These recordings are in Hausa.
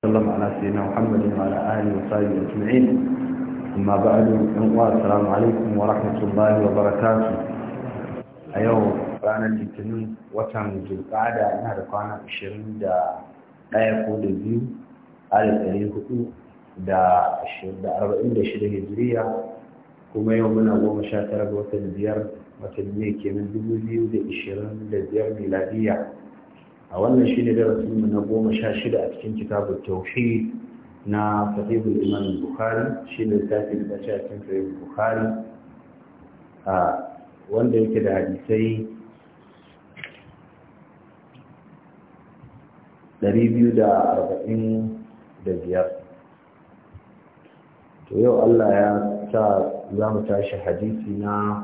sallam ala sayyidina muhammadin wa ala alihi wa sahbihi ajma'in amma ba'du in wa assalamu alaikum wa rahmatullahi wa barakatuh ayo ranar litinin watan julqada ina da kwana 21 ko da 2 ala tsari hudu da 46 hijriya kuma yau muna goma sha tara ga watan biyar watan ne kenan 2025 miladiyya a wannan ne darasin mu na goma sha shida a cikin kitabun tauhid na iman imam bukhari shine tafi da shi a cikin sahihul bukhari a wanda yake da hadisai 245 to yau Allah ya sa za mu tashi hadisi na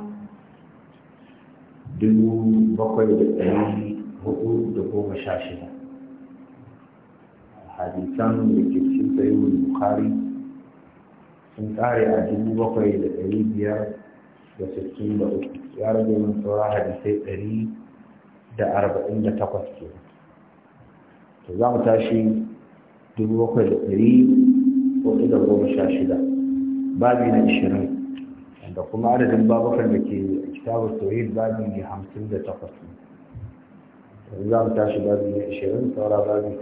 7,000 hudu da goma sha shida hadisan da ke cikin sayyid bukhari sun kare a dubu bakwai da ɗari biyar da sittin da uku ya rage min saura hadisai ɗari da arba'in da takwas ke to za mu tashi dubu bakwai da ɗari hudu da goma sha shida babi na ishirin da kuma adadin babakan da ke kitabar tauhid babi ne hamsin da takwas ne za mu tashi babi صار ishirin saura babi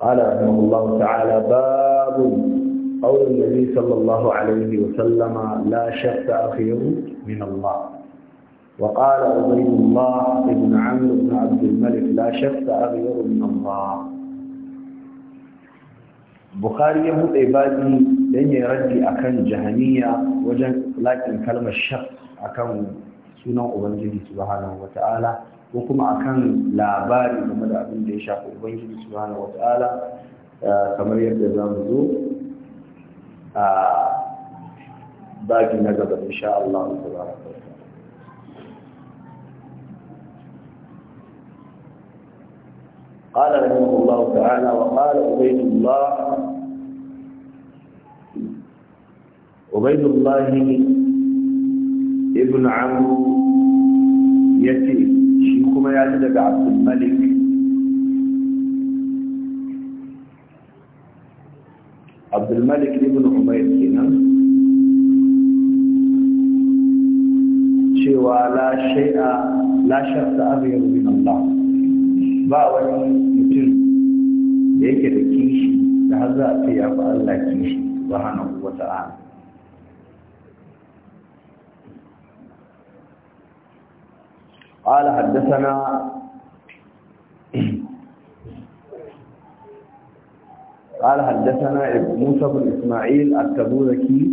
قال رحمه الله تعالى باب قول النبي صلى الله عليه وسلم لا شك أخير من الله وقال عبيد الله بن عمرو بن عبد الملك لا شك أخير من الله بخاري يهود عبادي لن يرجي أكن جهنية وجن لكن كلمة الشخص أكن sunan ubangiji subhanahu wata'ala ko kuma akan labari game da abin da ya shafi ubangiji subhanahu wata'ala eh, kamar yadda za mu zo a baki na gaba insha Allah subhanahu wata'ala قال رحمه الله تعالى وقال عبيد الله عبيد الله ابن عمرو ya ce shi kuma ya ji daga abdulmalik abdulmalik ibn umair kenan cewa la shai'a la shafta abiyar min Allah ba wani mutum da yake da kishi da har za a ce ya fi Allah kishi subhanahu wa ta'ala قال حدثنا قال حدثنا موسى بن إسماعيل التبوذكي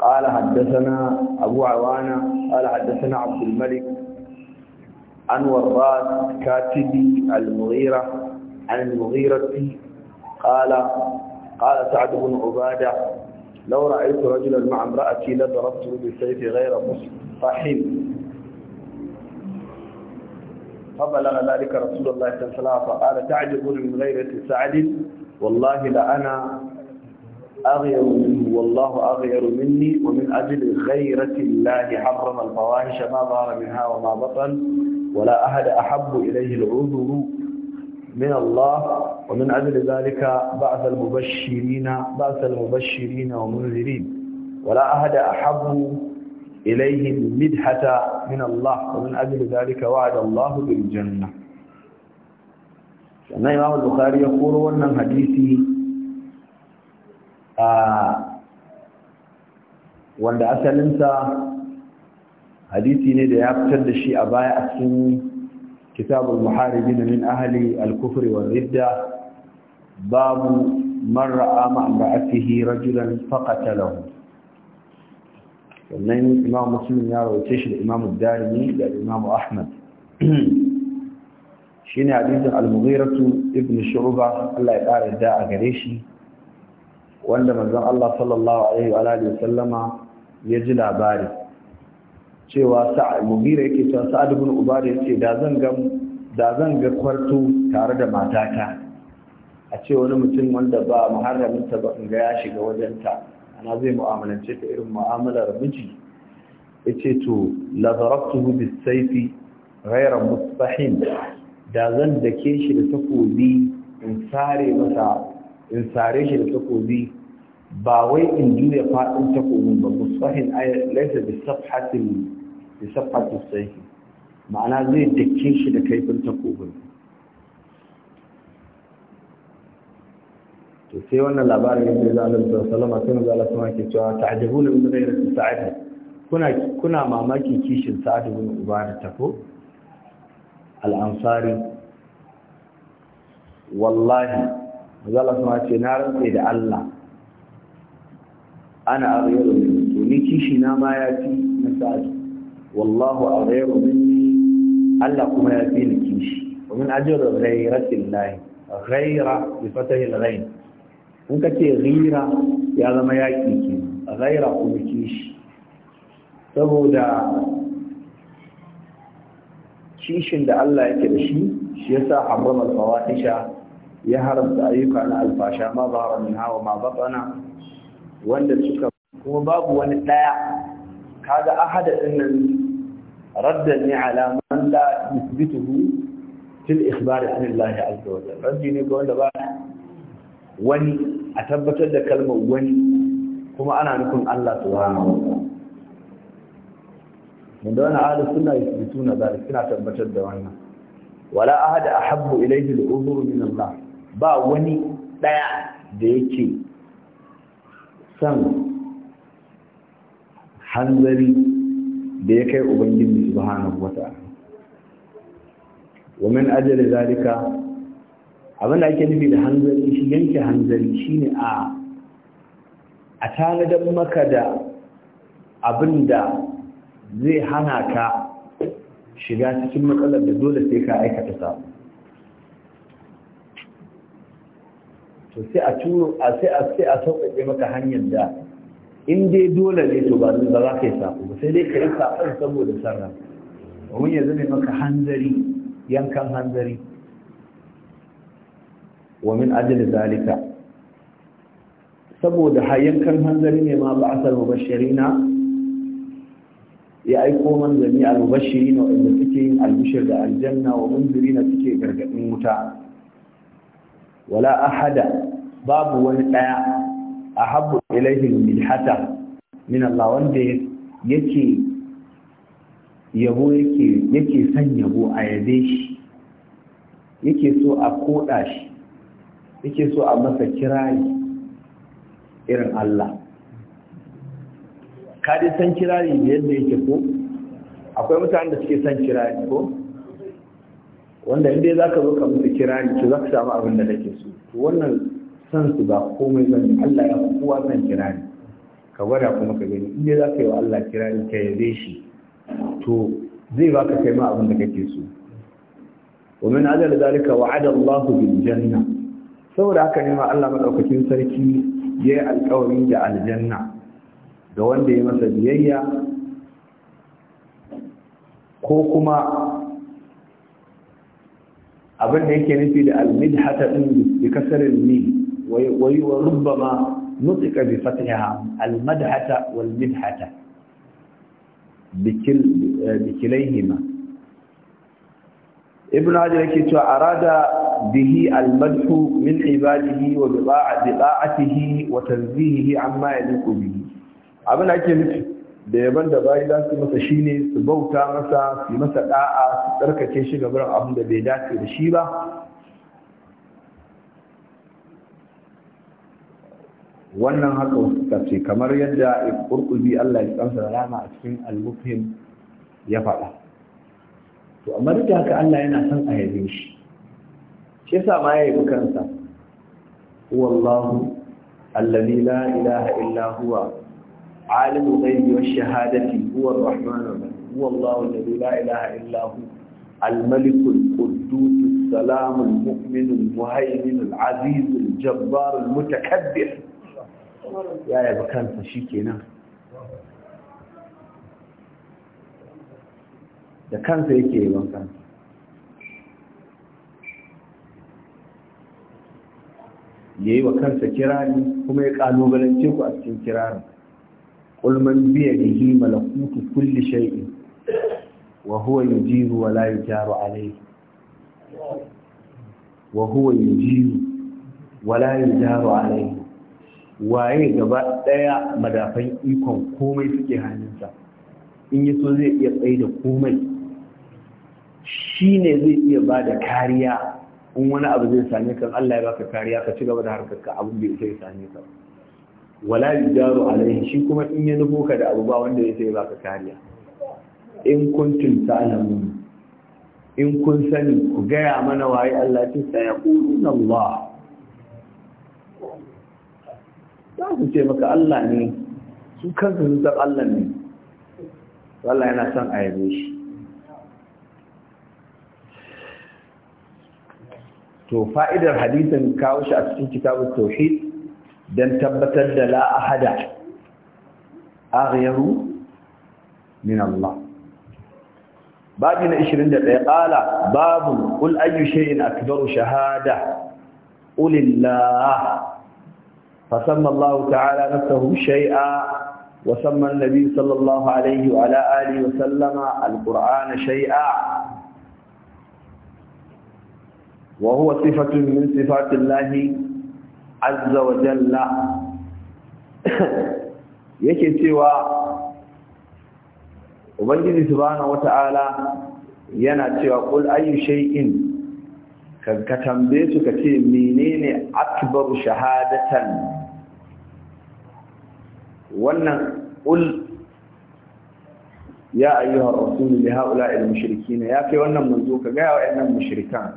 قال حدثنا أبو عوانة قال حدثنا عبد الملك عن وراد كاتب المغيرة عن المغيرة قال قال سعد بن عبادة لو رأيت رجلا مع امرأتي لضربته بالسيف غير مصطحب فبلغ ذلك رسول الله صلى الله عليه وسلم فقال تعجبون من غيرة سعد والله لأنا أغير منه والله أغير مني ومن أجل غيرة الله حرم الفواحش ما ظهر منها وما بطن ولا أحد أحب إليه العذر من الله ومن أجل ذلك بعث المبشرين بعث المبشرين ومنذرين ولا أحد أحب إليهم مدحة من الله ومن أجل ذلك وعد الله بالجنة sannan imam al-bukhari ya koro wannan hadisi wanda asalinsa hadisi ne da ya fitar da shi a baya a cikin kitabul muharibin min ahli al-kufr wa ridda babu man ra'a hira ra'atihi rajulan faqatalahu wannan imam muslim ya rawace shi da imam darimi da imam ahmad shine hadisin al-mughiratu ibn Shuruba. Allah ya ƙara da a gare shi wanda manzon Allah sallallahu alaihi wa alihi sallama ya ji labari cewa sa'ad mughira yake cewa sa'ad ibn ubada yace da zan ga da zan ga kwarto tare da matata a ce wani mutum wanda ba muharramin ta ba in ga ya shiga wajenta na zai mu'amalance ta irin mu'amalar miji yace to la darabtuhu saifi, ghayra mustahin da zan dake shi da takobi in sare masa in sare shi da takobi ba wai in juya fadin takobin ba mustahin ay laysa bi safhatin bi safhatis sayfi ma'ana zai dake shi da kaifin takobin to sai wannan labarin ya zai zanen da salama sai maza Allah sama ke cewa ta min na mutu gaira sa'adu kuna kuna mamaki kishin sa'adu bin ubada tafo al'ansari wallahi maza Allah sama ce na rantsa da Allah ana aghayru min to ni kishi na ma ya fi na sa'adu wallahu aghayru minni Allah kuma ya fi ni kishi ومن أجر غيرة الله غير بفتح الغين in ka ce rira ya zama yaƙi ke raira kuma kishi saboda kishin da Allah ya ke da shi shi ya sa haram al-fawahisha ya haramta ayyuka na alfasha ma zahara min hawa ma batana wanda suka kuma babu wani daya kaga ahada dinnan raddan ni ala man la yuthbituhu fil ikhbar an Allah azza wa jalla raddi ne ga wanda ba wani a tabbatar da kalmar wani kuma ana nufin Allah subhanahu wanda wani ahli suna yusbituna zalik suna tabbatar da wannan wala ahada ahabbu ilayhi al-uzru min Allah ba wani daya da yake san hanzari da ya kai ubangiji subhanahu wata. wa min ajli zalika abin da ake nufi da hanzari shi yanke hanzari shine a a tanadar maka da abin da zai hana ka shiga cikin matsalar da dole sai ka aikata sa to sai a turo a sai a sai a sauƙaƙe maka hanyar da in dai dole ne to ba za ka yi sa ba sai dai ka yi sakon saboda sarra domin ya ne maka hanzari yankan hanzari wa min ajli zalika saboda hayyankan hanzari ne ma ba asal mubashirina ya aiko manzanni al-mubashirina wanda suke yin albishir da aljanna wa munzirina suke gargadin wuta wala ahada babu wani daya ahabbu ilayhi milhata min Allah wanda yake yabo yake yake yabo a shi yake so a koda shi yake so a masa kirari irin Allah ka dai san kirari yadda yake ko akwai mutanen da suke san kirari ko wanda inda za ka zo ka musu kirari to za ka samu abin da kake so to wannan san su ba komai zan Allah ya kowa san kirari ka gwada kuma ka gani inda za ka yi wa Allah kirari ka yabe shi to zai baka kai ma abin da kake so ومن عدل ذلك وعد الله بالجنة saboda haka ne ma Allah madaukakin sarki ya yi alkawari da aljanna ga wanda ya masa biyayya ko kuma abin da yake nufi da almidhata din bi kasarin ni wai wa rubbama nutika bi fatiha almadhata wal midhata bikil bikilaihima ibnu hajar yake cewa arada به المدح من عباده وبضاعته وتنزيهه عما يليق به abin ake nufi da yaban da bayi za su masa shine su bauta masa su masa da'a su tsarkake shi ga biran abin da bai dace da shi ba wannan haka suka tafi kamar yadda ƙurƙubi Allah ya tsamsa rama a cikin al ya faɗa to amma duk haka Allah yana son a yabe shi shi yasa ma yayi kansa wallahu alladhi la ilaha illa huwa shahadati huwa ar-rahmanur rahim wallahu alladhi la ilaha illa huwa الملك القدوس السلام المؤمن المهيمن العزيز الجبار المتكبر يا يا بكانسا da kansa yake yi kansa ya yi wa kansa kirari kuma ya kalubalance ku a cikin kirarin ƙulman biya da yi malakutu kulli shai'in wa huwa jiru wa jaru yujaru wa huwa jiru wa waye gaba ɗaya madafan ikon komai suke hannunsa in yi so zai iya tsaye da komai shi ne zai iya ba da kariya in wani abu zai same kan? Allah ya baka kariya ka ci gaba da harkar ka abin da ya same ka wala yujaru alaihi shi kuma in ya nufo ka da abu ba wanda ya sai baka kariya in kuntum ta'lamun in kun sani ku gaya mana waye Allah ya ce sayaqulun Allah za su ce maka Allah ne su kansu sun san Allah ne Allah yana son a yabe shi to fa'idar hadisin kawo shi a cikin kitabun tauhid dan tabbatar da la ahada aghyaru min Allah babina 21 qala babu qul ayyu shay'in akbaru shahada ulillah fasamma Allah ta'ala nafsuhu shay'a وسمى النبي صلى الله عليه وعلى آله وسلم القرآن shay'a وهو صفة من صفات الله عز وجل yake cewa ubangiji subhanahu wata'ala yana cewa kul ayu shay'in ka tambaye su kace menene akbaru shahadatan wannan kul ya ayyuhar rasul li ha'ula'il mushrikin ya kai wannan manzo ka ga wa'annan mushrikan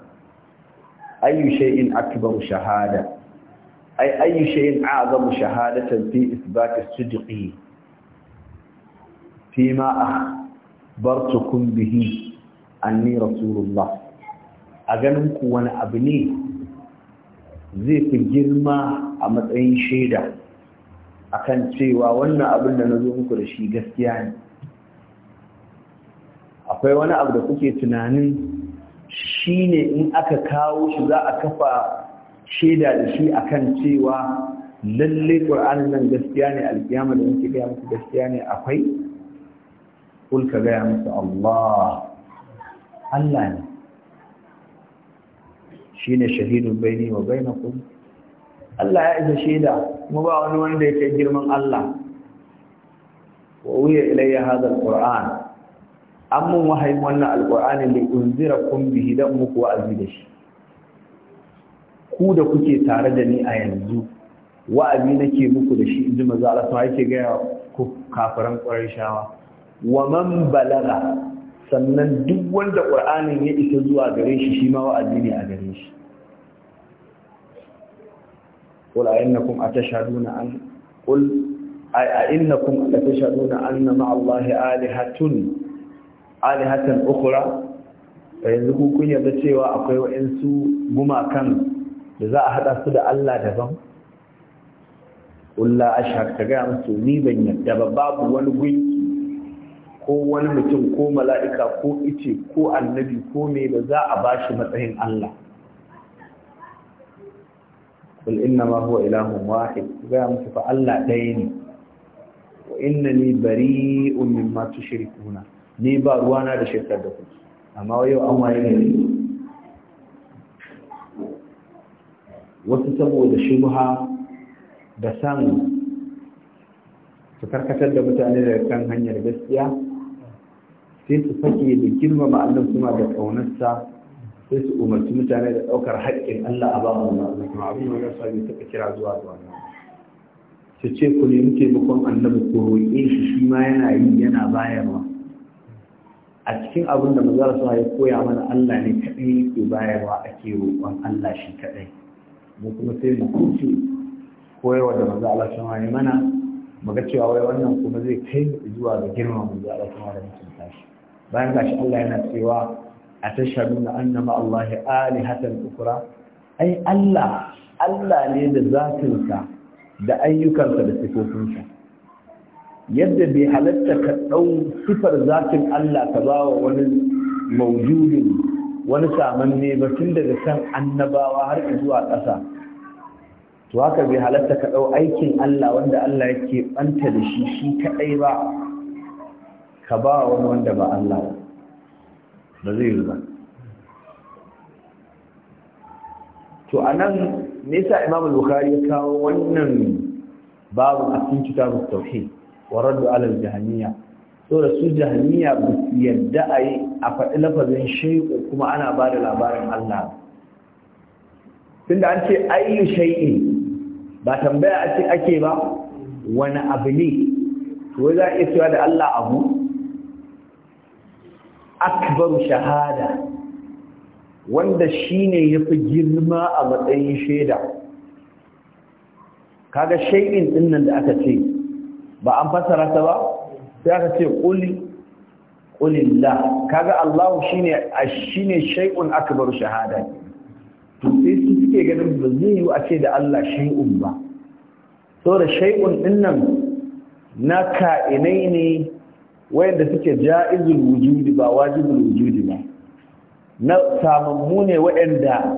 ayyu shay'in akbaru shahada ay ayyu shay'in a'zamu shahadatan fi isbati as-sidqi fima akhbartukum bihi anni rasulullah a ganin ku wani abu ne zai fi girma a matsayin shaida akan cewa wannan abin da na zo muku da shi gaskiya ne akwai wani abu da kuke tunanin shi ne in aka kawo shi za a kafa shaida da shi akan cewa lalle ƙur'anin nan gaskiya ne alkiyama da muke gaya masu gaskiya ne akwai ƙulka gaya masu Allah Allah ne shi ne shahidun bai ne wa bai bainakum Allah ya isa shaida kuma ba wani wanda ya kai girman Allah wa wuya ilayya hadar alquran an mun wahayin wannan alƙur'ani da unzira kun bihi dan muku wa'azi da shi ku da kuke tare da ni a yanzu wa'azi nake muku da shi inji maza Allah sai yake ga ku kafiran shawa. wa man balaga sannan duk wanda Qur'anin ya isa zuwa gare shi shi ma wa'azi ne a gare shi qul أئنكم أتشهدون أن قل أئنكم أتشهدون alihatan ukura da eh, yanzu kun yarda cewa akwai wa'insu gumakan da za a haɗa su da Allah daban ulla ashhad ta gaya musu ni ban yarda ba babu wani gunki ko wani mutum ko mala'ika ko ice ko annabi ko me da za a bashi matsayin Allah ƙul inna ma huwa ilahun wahid gaya masu fa Allah ɗaya ne wa innani masu mimma shirkuna ni ba ruwana da shekar da kuma. amma yau an waye ne wasu saboda shubha da san su karkatar da mutane daga kan hanyar gaskiya sai su fake da girmama Allah kuma da ƙaunarsa sai su umarci mutane da ɗaukar haƙƙin Allah a ba mu kuma abin da ya sabi kira zuwa ga wannan su ce ku nemi taimakon annabi ko roƙe shi yana yi yana bayarwa a cikin abin da maza su ya koya mana Allah ne kaɗai ke bayarwa ake roƙon Allah shi kaɗai mu kuma sai mu kuce koyarwa da maza Allah ya mana mu ga cewa wai wannan kuma zai kai mu zuwa ga girma maza Allah da mutum tashi. bayan gashi Allah yana cewa a na anna ma Allah alihatan ukra ai Allah Allah ne da zatinsa da ayyukansa da sifofinsa yadda bai halatta ka ɗau sifar zafin Allah ka ba wa wani maujudin wani samanne ba tun daga kan annabawa har zuwa ƙasa to haka bai halatta ka ɗau aikin Allah wanda Allah yake ɓanta da shi shi kaɗai ba ka ba wani wanda ba Allah ba zai yi ba to a nan nesa imam al ya kawo wannan babu a cikin kitabun tauhid wa raddu alal jahmiya so da su jahmiya ba su yadda a yi a faɗi lafazin shai'u kuma ana ba da labarin Allah tunda an ce ayyu shai'i ba tambaya a ce ake ba wani abu ne to za a iya cewa da Allah abu akbaru shahada wanda shine fi girma a matsayin shaida kaga shai'in din nan da aka ce ba an fassara ta ba sai aka ce qul qulillah kaga Allah shine shine shay'un akbar shahada to sai su suke ganin ba zai yi a ce da Allah shay'un ba da shay'un dinnan na ka'inai ne wayanda suke ja'izul wujudi ba wajibul wujudi ba na samammu ne wayanda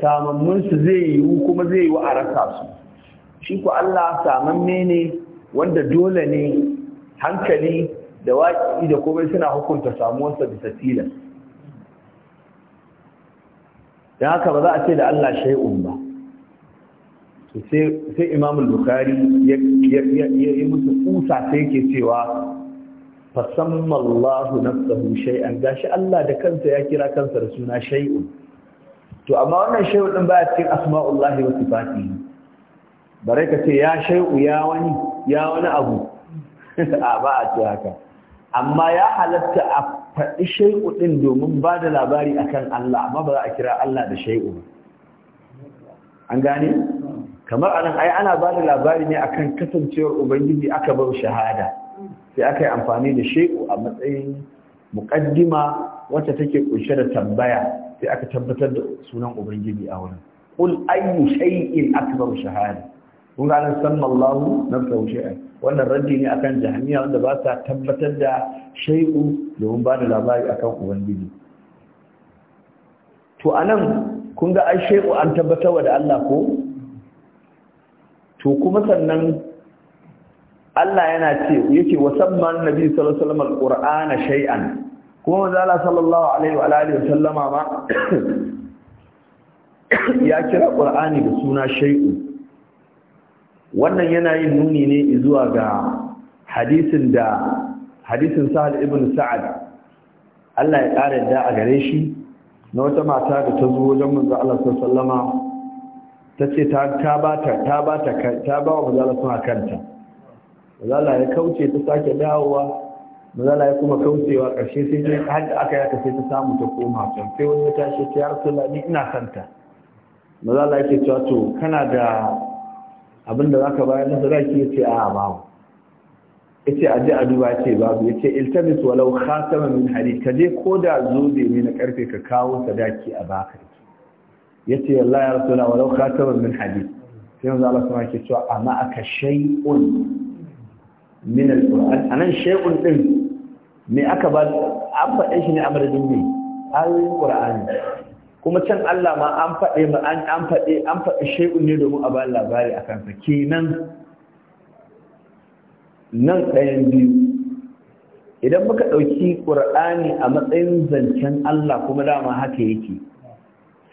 samammun su zai yi kuma zai yi wa a rasa su shi ko Allah samamme ne wanda dole ne hankali da waƙi da komai suna hukunta samuwarsa bisa tilas don haka ba za a ce da Allah shai'un ba sai imamul Bukhari ya yi musu kusa sai yake cewa fasammallahu nafsahu shay'an gashi Allah da kansa ya kira kansa da suna shai'un. to amma wannan shay'un ɗin baya cikin asma'ullahi wasu fati. bare ka ce ya shai'u ya wani ya wani abu a ba a ce haka amma ya halatta a faɗi shai'u ɗin domin ba da labari akan Allah amma ba za a kira Allah da shai'u ba an gane kamar anan ai ana ba da labari ne akan kasancewar ubangiji aka bar shahada sai aka yi amfani da shai'u a matsayin muƙaddima wacce take kunshe da tambaya sai aka tabbatar da sunan ubangiji a wurin qul ayyu shay'in akbaru shahada kun ga nan sallallahu nafsa wannan raddi ne akan jahmiya wanda ba sa tabbatar da shay'u domin ba da labari akan ubangiji to a nan kun ga an shay'u an tabbatarwa da Allah ko to kuma sannan Allah yana ce yake wasamman nabi sallallahu alaihi wasallam alqur'ana shay'an kuma manzo Allah sallallahu alaihi wa alihi wasallama ma ya kira qur'ani da suna shay'u wannan yana yin nuni ne zuwa ga hadisin da hadisin sahal ibn sa'ad Allah ya ƙara yadda a gare shi na wata mata da ta zo wajen manzo Allah sallama ta ce ta ta ba ta ta ba ta ta ba wa manzo Allah sun hakanta manzo Allah ya kauce ta sake dawowa manzo Allah ya kuma kaucewa ƙarshe sai ta haka aka yaka sai ta samu ta koma can sai wani ya tashi ta ya rasulullahi ina santa manzo Allah yake ce to kana da abinda za ka bayar na sadaki ya ce a babu ya ce aji a duba ce babu ya ce iltabis walau khatama min hari ka je ko da zobe ne na karfe ka kawo sadaki a baka ya ce yalla ya rasu na walau khatama min hari sai yanzu Allah sama ke cewa amma aka shay'un min alquran anan shay'un din me aka ba an faɗe shi ne a madadin ne ayoyin qur'ani kuma can Allah ma an faɗe ma an an faɗe an faɗe ne domin a bayan labari a kansa kenan nan ɗayan biyu idan muka ɗauki ƙur'ani a matsayin zancen Allah kuma dama haka yake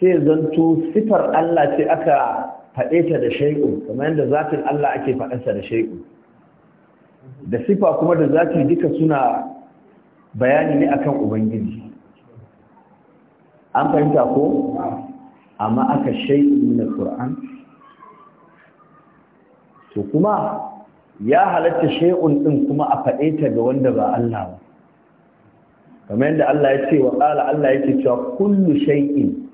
sai zanto sifar Allah ce aka faɗe ta da shay'un kamar yadda zafin Allah ake faɗansa da shay'un da sifa kuma da zafi duka suna bayani ne akan ubangiji an fahimta ko amma aka shay'in min alquran to kuma ya halatta shay'un ɗin kuma a faɗe ta ga wanda ba Allah ba kamar yadda Allah ya ce wa qala Allah yake cewa kullu shay'in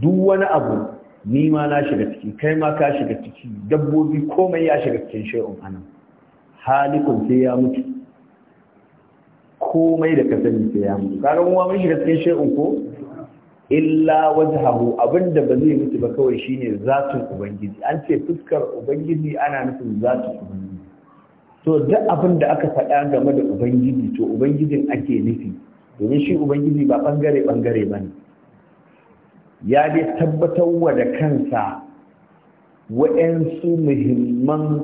duk wani abu ni ma na shiga ciki kai ma ka shiga ciki dabbobi komai ya shiga cikin shay'un anan halikun sai ya mutu komai da ka sani sai ya mutu kaga mun wa mun shiga cikin shay'un ko illa wajhahu abinda ba zai mutu ba kawai shine zatin ubangiji an ce fuskar ubangiji ana nufin zatin ubangiji to duk abin da aka faɗa game da ubangiji to ubangijin ake nufi domin shi ubangiji ba bangare bangare bane ya dai tabbatar wa da kansa wayansu muhimman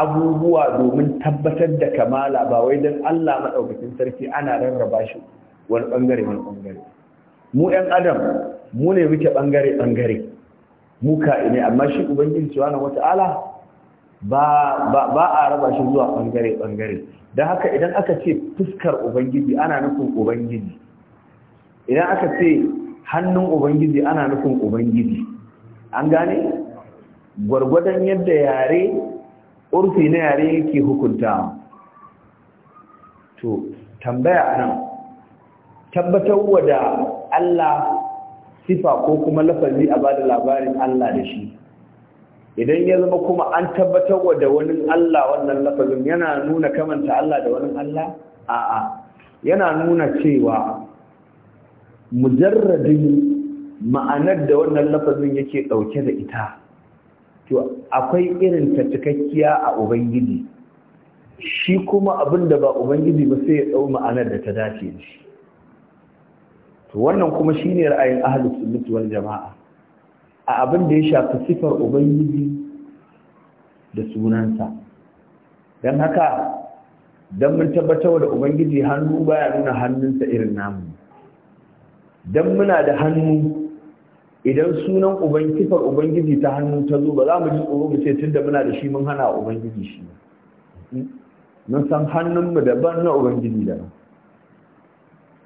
abubuwa domin tabbatar da kamala ba wai don Allah maɗaukacin sarki ana rarraba shi wani ɓangare wani ɓangare. mu ‘yan adam mu ne muke ɓangare-ɓangare Mu ne amma shi ubangiji cewa na wata'ala ba a raba shi zuwa ɓangare-ɓangare don haka idan aka ce fuskar ubangiji ana nufin ubangiji idan aka ce hannun ubangiji ana nufin ubangiji an gane gwargwadon yadda yare urfi na yare yake hukunta to tambaya nan Tabbatar wa da Allah sifa ko kuma lafazi a bada labarin Allah da shi idan ya zama kuma an tabbatar wa da wani Allah wannan lafazin yana nuna kamanta Allah da wani Allah a'a yana nuna cewa mujarradin ma'anar da wannan lafazin yake ɗauke da ita to akwai irin ta cikakkiya a ubangiji shi kuma abin ba ubangiji ba sai ya dau ma'anar da ta dace da shi to wannan kuma shine ra'ayin ahlus sunnati wal jama'a a abin da ya shafi sifar ubangiji da sunansa dan haka dan mun tabbatar da ubangiji hannu baya nuna hannunsa irin namu dan muna da hannu idan sunan uban sifar ubangiji ta hannu ta zo ba za mu ji tsoro mu ce tunda muna da shi mun hana ubangiji shi hmm? mun san hannunmu daban na ubangiji daban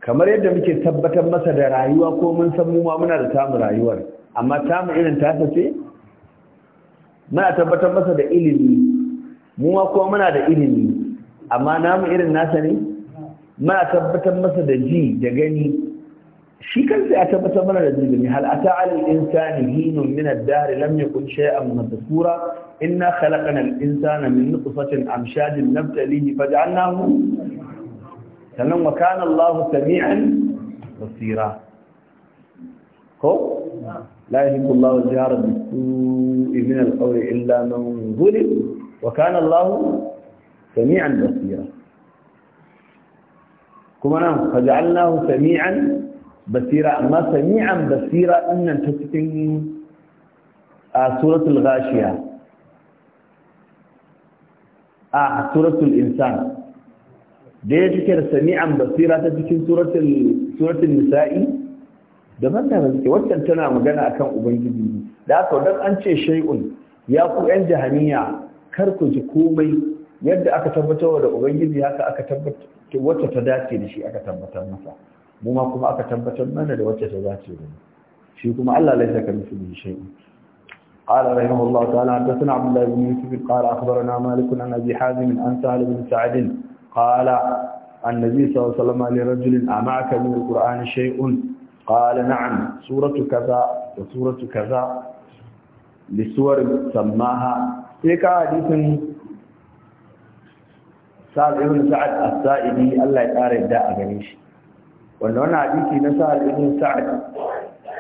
kamar yadda muke tabbatar masa da rayuwa ko mun san mu ma muna da tamu rayuwar amma tamu irin ta-tace, muna tabbatar masa da ilimi mu ma kuma muna da ilimi amma namu irin nasa ne muna tabbatar masa da ji da gani shi kansa ya tabbatar mana da ji gani hal ata al insani hinun min ad-dahr lam yakun shay'an madhkura inna khalaqna al insana min nutfatin amshajin nabtalihi faj'alnahu sannan wa kana Allahu sami'an basira ko la yuhibbu Allahu al-jahra bis-su'i min al-qawli illa man zulim wa kana Allahu sami'an basira kuma nan faj'alnahu sami'an basira amma sami'an basira innan ta cikin a suratul ghashiya a suratul insan da ya da sami'an basira ta cikin suratul nisa'i da manta da suke waccan tana magana akan ubangiji ne. da aka dan an ce shay'un ya ku yan jahaniya kar ku ji komai yadda aka tabbatar da ubangiji haka aka tabbatar wacce ta dace da shi aka tabbatar masa mu ma kuma aka tabbatar mana da wacce ta dace da mu shi kuma Allah laisa ka mithlihi shay'un قال رحمه الله تعالى حدثنا عبد الله بن يوسف قال اخبرنا مالك عن ابي حازم عن سهل بن سعد قال النبي صلى الله عليه وسلم لرجل أمعك من القرآن شيء قال نعم سورة كذا وسورة كذا لسور سماها تلك حديث سعد ابن سعد السائدي الله يقارئ داء غنيش wannan hadisi na sa'ad ibn sa'ad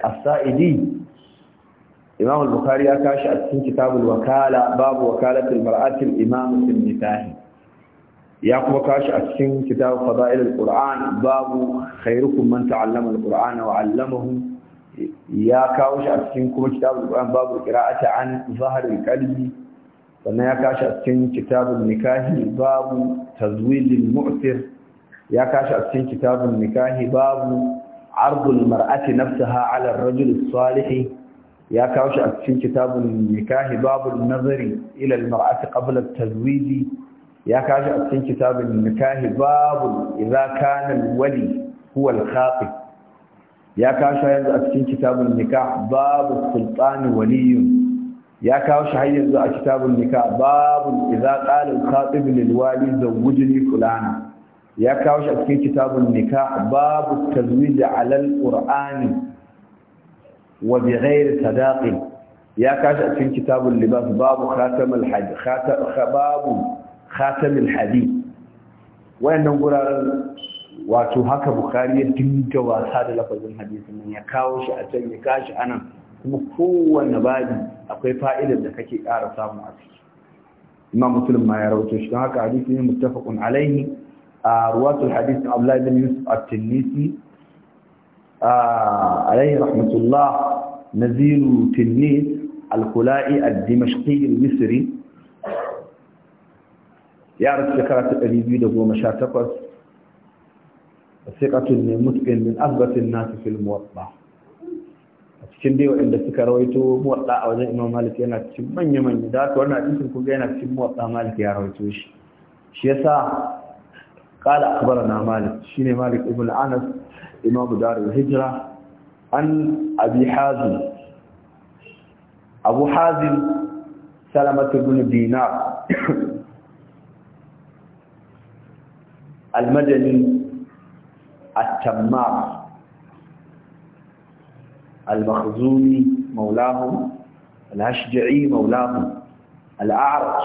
as-sa'idi imam al-bukhari ya kashi a cikin kitabul wakala babu wakalatul mar'atil imam fil nikahi ya kuma kashi a cikin kitab fada'il al-Qur'an babu khairukum man ta'allama al-Qur'ana wa 'allamahu ya kawo shi a cikin kuma kitab al-Qur'an babu qira'ati an zahar al-qalbi sannan ya kashi a cikin kitab nikahi babu tazwij al-mu'tir ya kashi a cikin kitab nikahi babu عرض المرأة نفسها على الرجل الصالح يا كاوش أكسين كتاب النكاه باب النظر إلى المرأة قبل التزويج ya kashi a cikin kitabun nikahi babu idza kana wali huwa al-khatib ya kashi yanzu a cikin kitabun nikah babu sultani waliyun ya kawo shi har yanzu a kitabun nikah babu idza qala al-khatib lil wali zawwijni fulana ya kawo shi a cikin kitabun nikah babu tazwij ala al-qur'ani wa bighayri sadaqin ya kashi a cikin kitabun libas babu khatam al-hajj babu khatamin hadith wayannan guraren wato haka bukari ya dinga wasa da lafazin hadisin nan ya kawo shi a can ya kashi anan kuma kowanne babi akwai fa'idar da kake ƙara samu a ciki imam muslim ma ya rawaito shi don haka hadisi ne muttafaqun alaihi a ruwatul hadis na abdullahi bin yusuf at-tinnisi alaihi rahmatullah naziru tinnis al kulai ad-dimashqi al-misri ya rasu shekara ta ɗari biyu da goma sha takwas wasiƙatun ne mutqin min asbatin nasu fil muwatta a cikin dai waɗanda suka rawaito muwatta a wajen imam malik yana cikin manya manya da haka wannan hadisin kun ga yana cikin muwatta malik ya rawaito shi shi yasa qala akhbarana malik shine malik ibn anas imam dar al-hijra an abi hazim abu hazim salamatu ibn dinar المدني التمار المخزومي مولاه الهشجعي مولاه الأعرج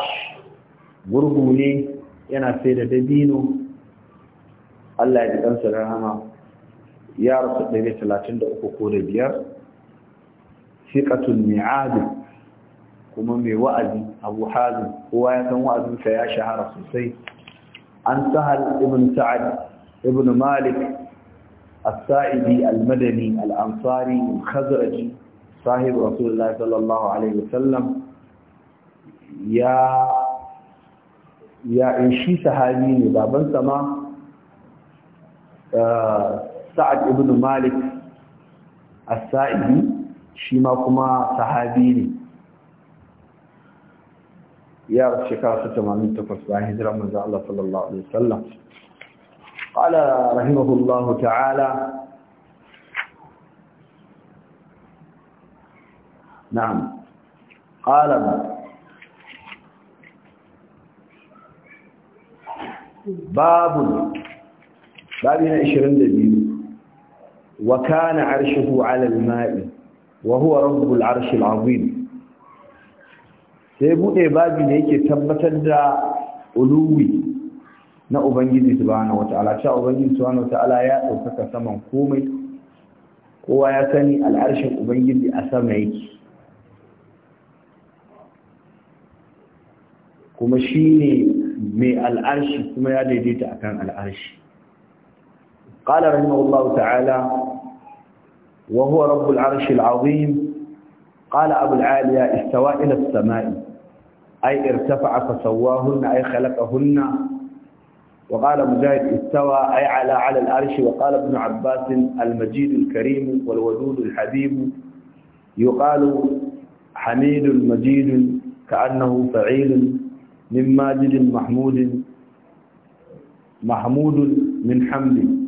مرغولي ينا سيدة دينو الله يجب أن سلامة يا رسول الله عليه الصلاة والسلام ثقة الميعاد كما من أبو حازم هو يتم وعد فيا شهر رسول an sahal ibn sa'ad ibn malik السائدي المدني الأنصاري الخزرجي صاحب رسول الله صلى الله عليه وسلم يا يا إنشي صحابيني بابن سما سعد ابن مالك السائدي شيما كما صحابيني يا شكرا ختم عملتك وصباحي رمز الله صلى الله عليه وسلم قال رحمه الله تعالى نعم قال باب باب إشرين دبيل وكان عرشه على الماء وهو رب العرش العظيم sai buɗe babi ne yake tabbatar da uluwi na ubangiji subhanahu wataala cewa ubangiji subhanahu wataala ya ɗaukaka saman komai kowa ya sani al'arshin ubangiji a sama yake kuma shi ne mai al'arshi kuma ya daidaita a kan al'arshi ƙala rahimahullah ta'ala wa huwa rabbul arshi al'azim ƙala abul aliya istawa ila أي ارتفع فسواهن أي خلقهن وقال مجاهد استوى أي على على الأرش وقال ابن عباس المجيد الكريم والودود الحبيب يقال حميد مجيد كأنه فعيل من ماجد محمود محمود من حمد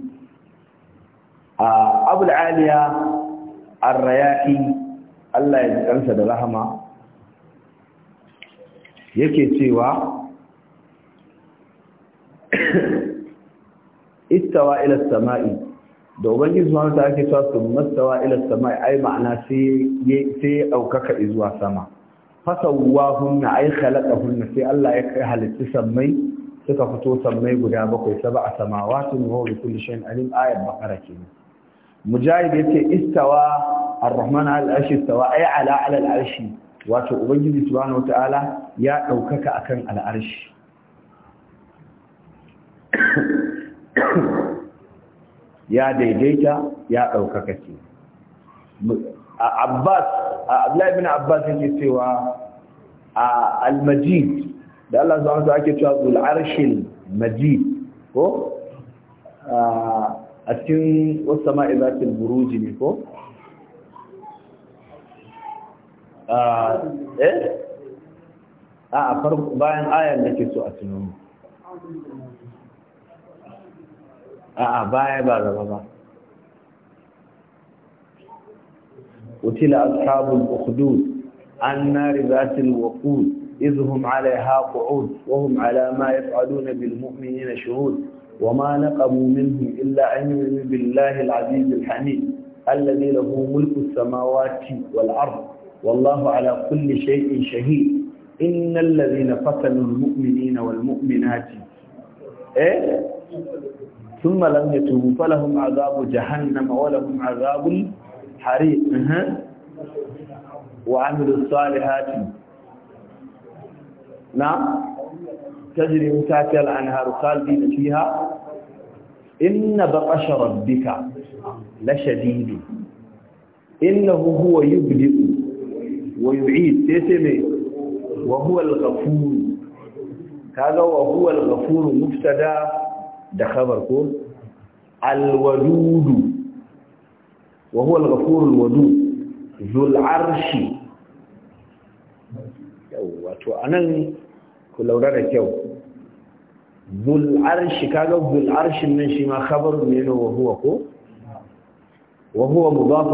آه، أبو العالية الرياحي الله يجزيه رحمه yake cewa istawa ila sama'i da ubangiji subhanahu ta ake cewa mastawa ila sama'i ai ma'ana sai sai aukaka zuwa sama hunna ai hunna sai Allah ya kai halitta sammai suka fito sammai guda bakwai sab'a samawatin wa bi kulli shay'in alim ayat bakara ce mujahid yace istawa ar-rahman al-arshi istawa ai ala ala al-arshi wato ubangiji subhanahu wata'ala ya ɗaukaka akan al'arshi ya daidaita ya ɗaukaka ce. abbas abdullahi bin abbas yake cewa a al-majid da Allah subhanahu wata'ala ake cewa zul arshil majid ko a cikin wasu sama'i zatil ne ko eh a farko bayan ayar da ke so a tunan قتل أصحاب الأخدود عن نار ذات الوقود إذ هم عليها قعود وهم على ما يفعلون بالمؤمنين شهود وما نقموا منهم إلا أن يؤمنوا بالله العزيز الحميد الذي له ملك السماوات والأرض والله على كل شيء شهيد إن الذين قتلوا المؤمنين والمؤمنات إيه؟ ثم لم يتوبوا فلهم عذاب جهنم ولهم عذاب الحريق وعملوا الصالحات نعم تجري من تحتها الأنهار خالدين فيها إن بقش ربك لشديد إنه هو يبدئ wa yu'id sai sai mai wa huwa al da khabar ko al-wadud wa huwa al-ghafur al-wadud zul anan ku laura da kyau zul arshi kaga zul arshin nan shi ma khabar ne wa huwa ko wa huwa mudaf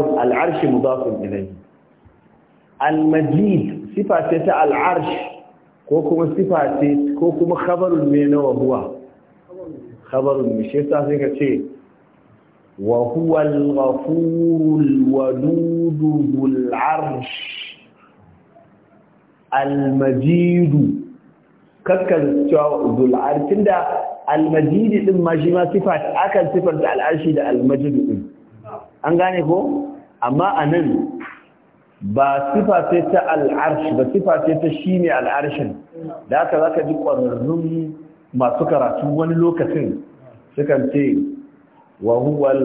al-majid sifa ce ta al-arsh ko kuma sifa ce ko kuma khabarun ne na wahuwa khabarun ne shi sai ka ce wa huwa al-ghafurul wadudul arsh al-majid kakkan cewa zul da almajidi din ma shi ma sifat akan sifar da al'arshi da almajidu din an gane ko amma anan ba sifa ce ta al'arshi ba sifa ce ta shi ne al'arshin da haka za ka ji ƙwararrun masu karatu wani lokacin sukan ce wa huwa al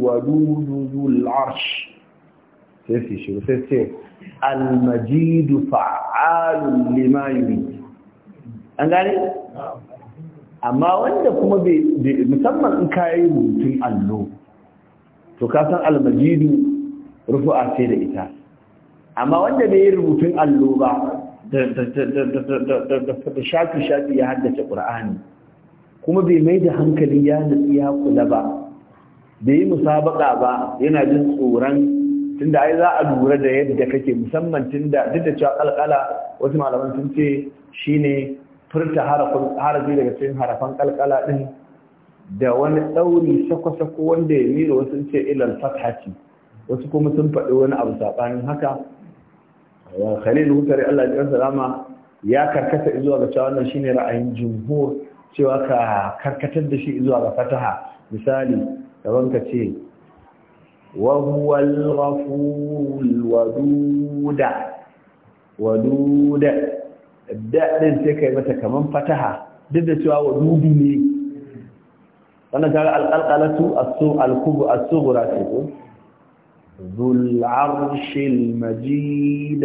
wadudul arsh sai su shi sai ce al-majidu fa'alun lima yurid an gane amma wanda kuma musamman in kayi rubutun allo to ka san al-majidu rufu'a ce da ita amma wanda bai yi rubutun allo ba da shafi-shafi ya haddace Kur'ani, kuma bai mai da hankali ya nutsi ya kula ba bai yi musabaka ba yana jin tsoron tunda ai za a lura da yadda kake musamman tunda duk da cewa ƙalƙala wasu malaman sun ce shine furta harafi daga cikin harafan kalkala ɗin. da wani ɗauri sako-sako wanda ya miro sun ce ilal fathati wasu kuma sun faɗi wani abu saɓanin haka wa khalil hutari Allah ya kansa ya karkata zuwa ga cewa wannan shine ra'ayin jumhur cewa ka karkatar da shi zuwa ga fataha misali kaman ka ce wa huwa al waduda waduda da din sai kai mata kaman fataha duk da cewa wadudu ne wannan kaga al-qalqalatu as-sughra as-sughra ko ذو العرش المجيد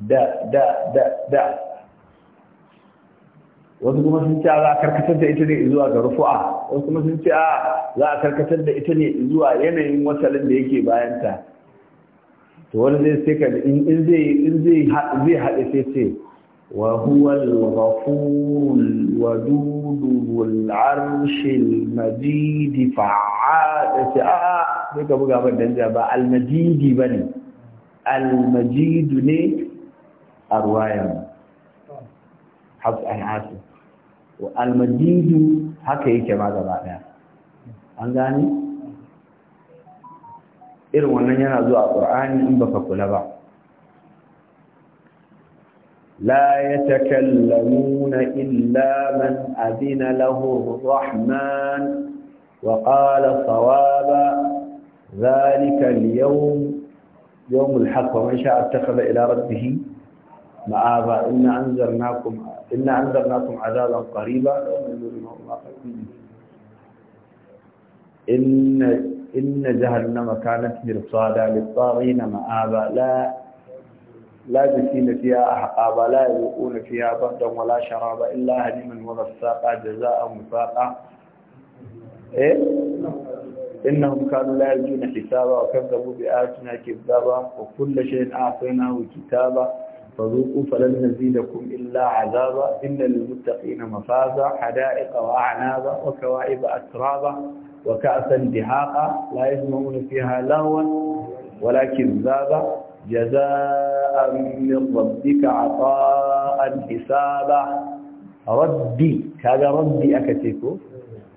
دا دا دا دا wasu kuma sun ce za a karkatar da ita ne zuwa ga rufu'a wasu kuma sun ce a za a karkatar da ita ne zuwa yanayin wasalin da yake bayanta to wani zai sai ka in zai in zai zai haɗe sai ce wa huwa al-ghafur wadud wal arsh al-majid fa'a a sai ka buga ban danja ba almajidi ba ne almajidu ne a ruwayan hasu almajidu haka yake ma gaba daya an gani irin wannan yana zuwa a ƙur'ani in baka kula ba لا يتكلمون إلا من أذن له الرحمن وقال صوابا ذلك اليوم يوم الحق ومن شاء اتخذ إلى ربه مآبا إنا أنذرناكم إنا أنذرناكم عذابا قريبا إن إن جهنم كانت مرصادا للطاغين مآبا لا لا يسين فيها أحقابا لا يلقون فيها بردا ولا شرابا إلا هدما وغساقا جزاء وفاقا إيه إنهم كانوا لا يرجون حسابا وكذبوا بآياتنا كذابا وكل شيء أعطيناه كتابا فذوقوا فلن نزيدكم إلا عذابا إن للمتقين مفازا حدائق وأعنابا وكوائب أترابا وكأسا دهاقا لا يسمعون فيها لهوا ولا كذابا جزاء من ربك عطاء حسابا ربي هذا ربي أكتكو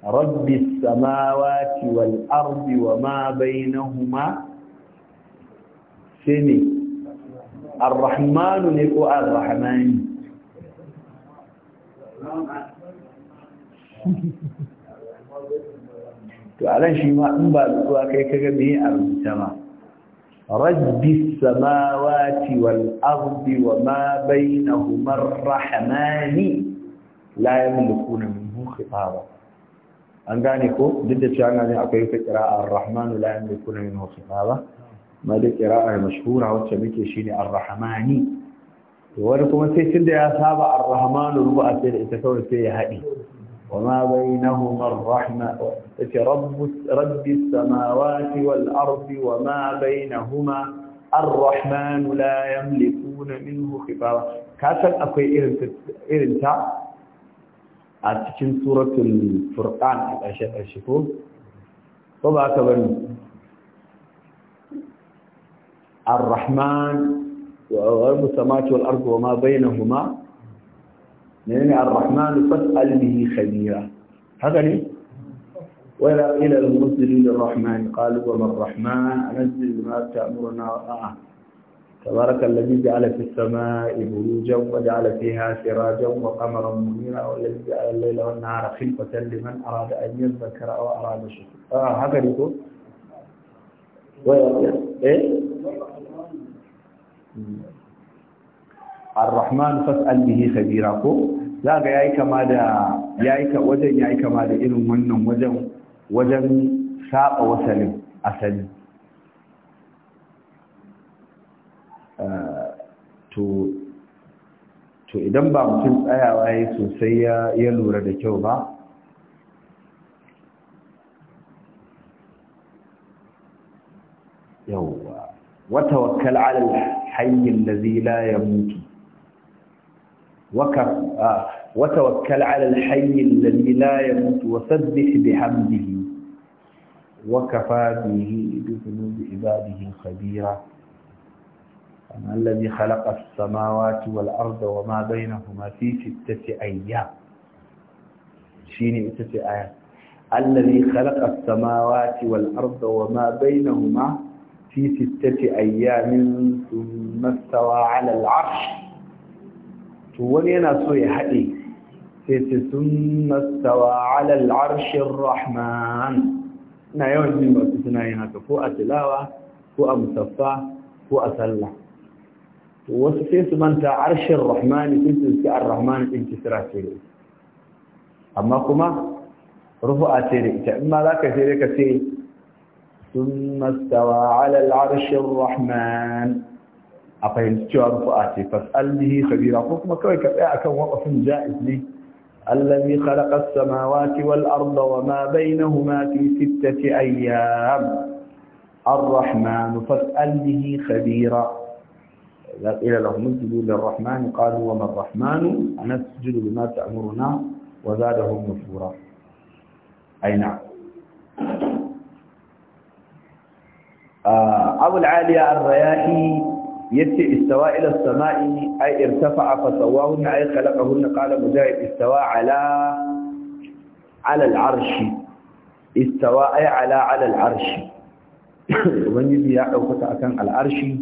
رب السماوات والأرض وما بينهما سني الرحمن نكو الرحمن to alan shi ma in ba zuwa kai kaga me a rubuta ma rabbi samawati wal ardi wa ma bainahuma arrahmani la yamlikuna minhu khitaba an gane ko duk da cewa ne akwai ta qira'a ar-rahmanu la yamliku min khitaba ma da qira'a mashhura wacce muke shine ar-rahmani wani kuma sai tunda ya saba ar rubu a sai da ita kawai sai ya hadi wa ma bainahuma ar-rahma rabbu rabbi rabbis samawati wal ardi wa ma bainahuma ar-rahmanu la yamliku minhu khitaba kasan akwai irin irin ta أتكن سورة الفرقان أشكون طبعك بني الرحمن وغرب السماوات والأرض وما بينهما يعني الرحمن فاسأل به خبيرا هذا لي ولا إلى المسلمين الرحمن قالوا وما الرحمن أنزل ما تأمرنا آه. تبارك الذي جعل في السماء بروجا وجعل فيها سراجا وقمرا منيرا والذي جعل الليل والنهار خلفة لمن أراد أن يذكر أو أراد شكرا آه هكذا يقول إيه الرحمن فاسأل به خبيرا za لا yayi kama da yayi ka wajen yayi kama وجن irin wannan wajen to to idan ba mutum tsayawa ya sosai ya lura da kyau ba yawwa wata wakal alal hayyin da zila ya mutu wata wakal alal hayyin da zila ya mutu wasaddih bi hamdihi wakafa bihi zunubi khabira الذي خلق السماوات والأرض وما بينهما في ستة أيام شيني ستة آيات الذي خلق السماوات والأرض وما بينهما في ستة أيام ثم استوى على العرش تولي أنا سوي حقي ثم استوى على العرش الرحمن نعيون من وقت سنعي فوق تلاوة فوق مصفى فوق سلح وسيس من عرش الرحمن كنت سكع الرحمن انت سراسيري اما كما رفع سيري اما ذاك سيري كسي ثم استوى على العرش الرحمن أفهم تشوى رفع سيري فاسأل به خبيرا فكما كوي كفئة كم وقف جائز لي الذي خلق السماوات والأرض وما بينهما في ستة أيام الرحمن فاسأل به خبيرا إذا قيل لهم اسجدوا للرحمن قالوا وما الرحمن أنسجد لما تأمرنا وزادهم نفورا أي نعم أبو العالية الرياحي يتي استوى إلى السماء أي ارتفع فسواهن أي خلقهن قال مجاهد استوى على على العرش استوى أي على على العرش ubangiji ya ɗaukaka akan al'arshi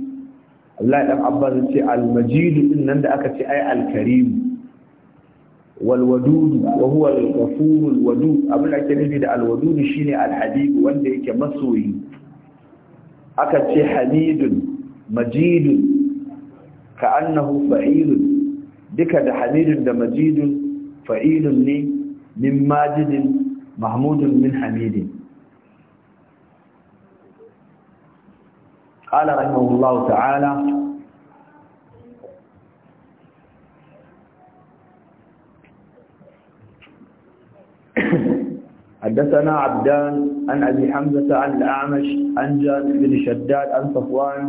Allah dan Abbas ce al-Majid din nan da aka ce ai al-Karim wal Wadud wa huwa abin da ake nufi da al shine al wanda yake masoyi aka ce Hamidun Majidun ka annahu fa'ilun duka da Hamidun da Majidun fa'ilun ne min Majidin Mahmudun min Hamidin قال رحمه الله تعالى حدثنا عبدان عن أبي حمزة عن الأعمش عن جاد بن شداد عن صفوان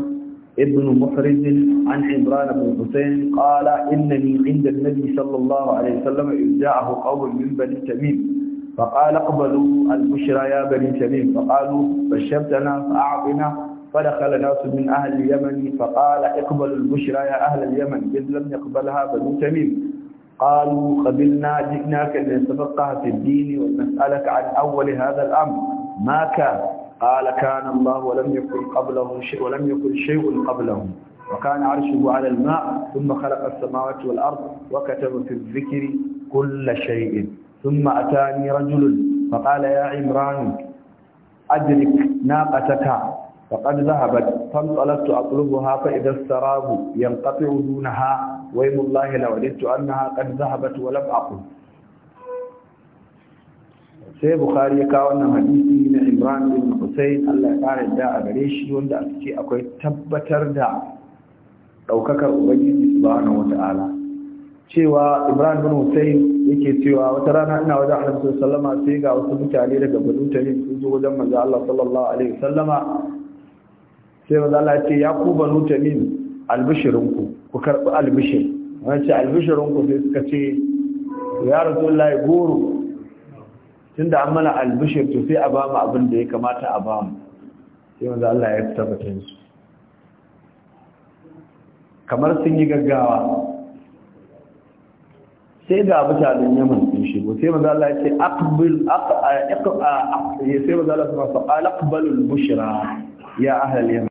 ابن محرز عن عمران بن حسين قال إنني عند النبي صلى الله عليه وسلم إذ قوم من بني تميم فقال اقبلوا البشرى يا بني تميم فقالوا بشرتنا فأعطنا فدخل ناس من أهل اليمن فقال اقبل البشرى يا أهل اليمن إذ لم يقبلها بنو تميم قالوا قبلنا جئناك لنتفقه في الدين ونسألك عن أول هذا الأمر ما كان قال كان الله ولم يكن قبله شيء ولم يكن شيء قبله وكان عرشه على الماء ثم خلق السماوات والأرض وكتب في الذكر كل شيء ثم أتاني رجل فقال يا عمران أدرك ناقتك فقد ذهبت فانطلقت أطلبها فإذا السراب ينقطع دونها ويم الله لو علمت أنها قد ذهبت ولم أقل sai bukhari ya kawo wannan hadisi na imran bin husayn Allah ya ƙara da a gare shi wanda ake akwai tabbatar da daukakar ubangiji subhanahu wataala cewa imran bin husayn yake cewa wata rana ina wajen annabi sallallahu sai ga wasu mutane daga banu tayyib sun zo wajen manzo Allah sallallahu alaihi wasallama sai maza Allah ce ya ku banu tamim albishirinku ku karɓi albishir wani ce albishirinku sai suka ce ya rasu ya goro tun da an mana albishir to sai a ba mu abin da ya kamata a ba mu sai maza Allah ya tabbata su kamar sun yi gaggawa sai ga mutanen yaman sun shigo sai maza Allah ya ce akbil akbil akbil sai maza Allah ya ce aqbalul bushra ya ahlal yaman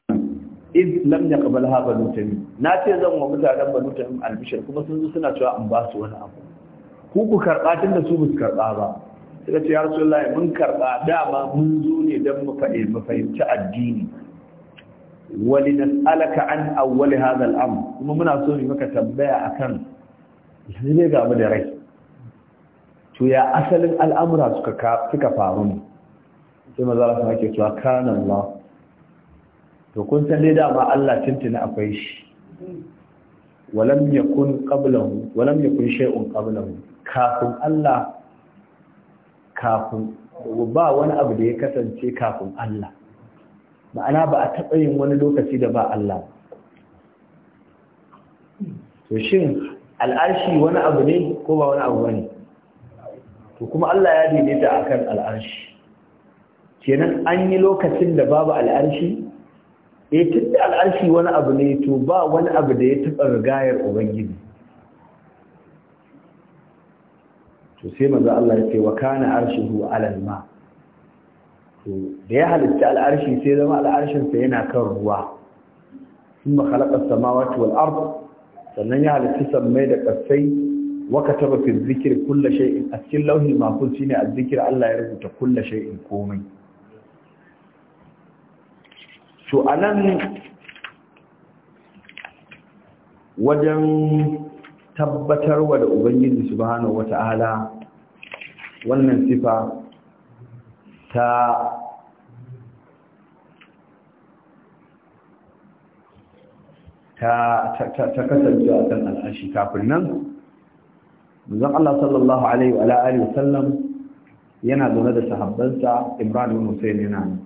iz lam yaqbalha banu tamim na ce zan wa mutanen banu tamim albishir kuma sun zo suna cewa an ba su wani abu ku ku karba tun da su bus karba ba suka ce ya rasulullahi mun karba dama mun zo ne dan mu fa'e mu fahimci addini wali nas'alaka an awwal hadha al-amr kuma muna so mu maka tambaya akan yanzu ne ga mu da rai to ya asalin al'amura suka suka faru ne sai maza Allah ke cewa kana Allah to kun san dai dama Allah tintina akwai shi walam yakun qablahu walam yakun shay'un qablahu kafin Allah kafin ba wani abu da ya kasance kafin Allah ma'ana ba a taɓa yin wani lokaci da ba Allah to shin al'arshi wani abu ne ko ba wani abu bane to kuma Allah ya daidaita akan al'arshi kenan an yi lokacin da babu al'arshi eh tun da al'arshi wani abu ne to ba wani abu da ya taɓa rigayar ubangiji to sai manzo Allah ya ce wa kana arshuhu alal ma to da ya halitta al'arshi sai zama al'arshin yana kan ruwa thumma khalaqa as-samawati wal ard sannan ya halitta sammai da kasai wa kataba fi dhikri kulli shay'in a cikin mahfuz shine az Allah ya rubuta kulle shay'in komai to a nan wajen tabbatarwa da ubangiji subhanahu wata'ala wannan sifa ta ta kasance a kan al'ashi kafin nan manzon Allah sallallahu alaihi wa alihi wasallam yana zaune da sahabbansa Imran bin Hussein yana nan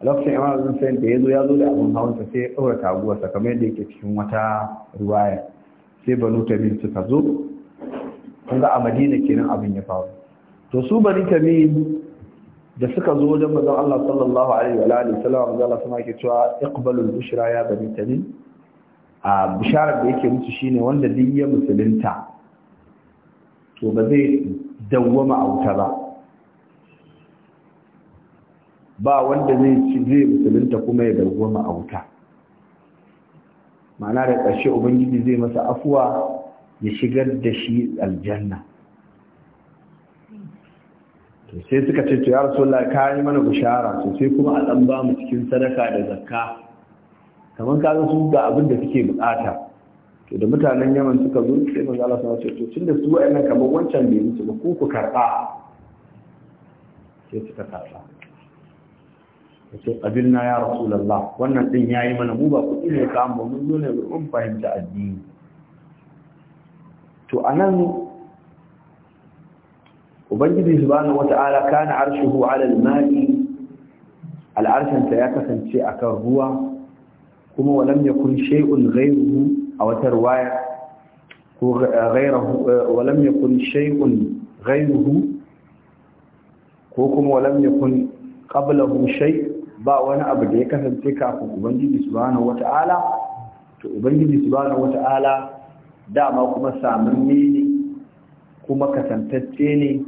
a lokacin imam bin da ya zo ya zo da abin hawansa sai ya ɗaura taguwarsa kamar yadda yake cikin wata ruwaya sai banu tamim suka zo kun ga a madina kenan abin ya faru to su banu tamim da suka zo wajen bazan Allah sallallahu alaihi wa alihi sallam manzon Allah sama yake cewa iqbalul bushra ya bani tamim a bisharar da yake mutu shine wanda duk ya musulunta to ba zai dawwama a wuta ba ba wanda zai ci zai musulunta kuma ya dawwama a wuta ma'ana da ƙarshe ubangiji zai masa afuwa ya shigar da shi aljanna sai suka ce to ya rasulullah ka yi mana bishara to sai kuma a ɗan ba mu cikin sadaka da zakka kamar ka su ga abin suke bukata to da mutanen Yaman suka zo sai manzo zala sana ce tun da su wa'annan kamar wancan bai mutu ba ku ku karɓa!' sai suka karɓa. ce qabilna ya rasulullah wannan din yayi mana mu ba kuɗi ne ka amma mun zo ne mun fahimta addini to anan ubangiji subhanahu wata'ala kana arshuhu 'ala al-ma'i al'arshin ta ya kasance akan ruwa kuma walam yakun shay'un ghayruhu aw tarwaya ko ghayruhu walam yakun shay'un ghayruhu ko kuma walam yakun qablahu shay ba wani abu da ya kasance kafin ubangiji subhanahu wata'ala to ubangiji subhanahu wata'ala dama kuma samun ne kuma kasantacce ne